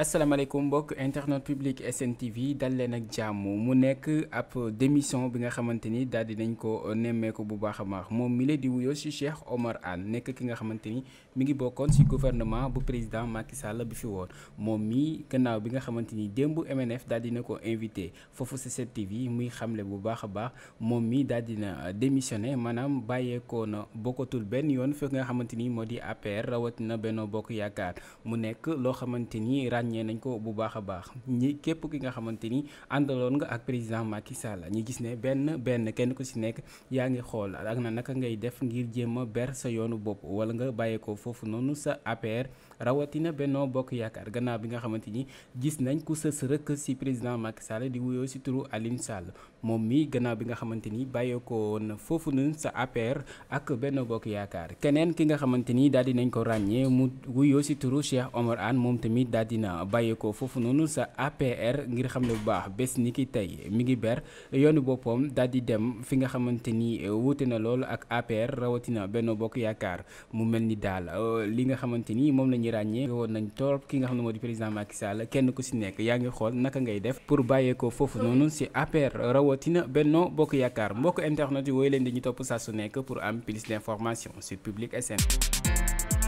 alaykum mbokk internet public SNTV dal leen ak jàmm mu démission bi nga xamante ni daal di nañ ko bu baax a baax mi di Cheikh Omar Anne nekk ki nga xamante mi ngi gouvernement bu président Macky Sall bi fi woon moom mi gannaaw bi nga xamante MNF daal invité foofu si tv muy xamle bu baax a baax mi daal démissionné maanaam bàyyeekoo na bokkatul benn yoon fi nga xamante ni moo di APR Benno Bokk Yaakaar mu ràññee nañ ko bu baax a baax ñi képp ki nga xamante ni àndaloon nga ak président Macky Sall ñu gis ne benn benn kenn ku si nekk yaa ngi xool ak na naka ngay def ngir jéem ber sa yoonu bopp wala nga ko foofu noonu sa APR rawatina bennoo bokk yaakaar gannaaw bi nga xamante ni gis nañ ku sës rëkk si président Macky Sall di wuyoo si turu Aline Sall moom mi gannaaw bi nga xamante ni ko woon foofu noonu sa APR ak bennoo bok yaakaar keneen ki nga xamante ni daal di nañ ko ràññee mu wuyoo si turu Cheikh Omar Anne moom tamit daal dina bàyyi ko foofu sa APR ngir xam bu baax bes ni ki mi ngi ber yoonu bopom dal di dem fi nga xamanteni euh, APR Rawotina, Benno Bokk yakar mu melni dal euh, li nga nañ ki président Macky Sall kenn ku si nek def pour bàyyee ko foofu APR Rawotina, Benno Bokk yakar mbokk internet yi wooyu leen di ñu top su pour am plus d'informations sur Public SN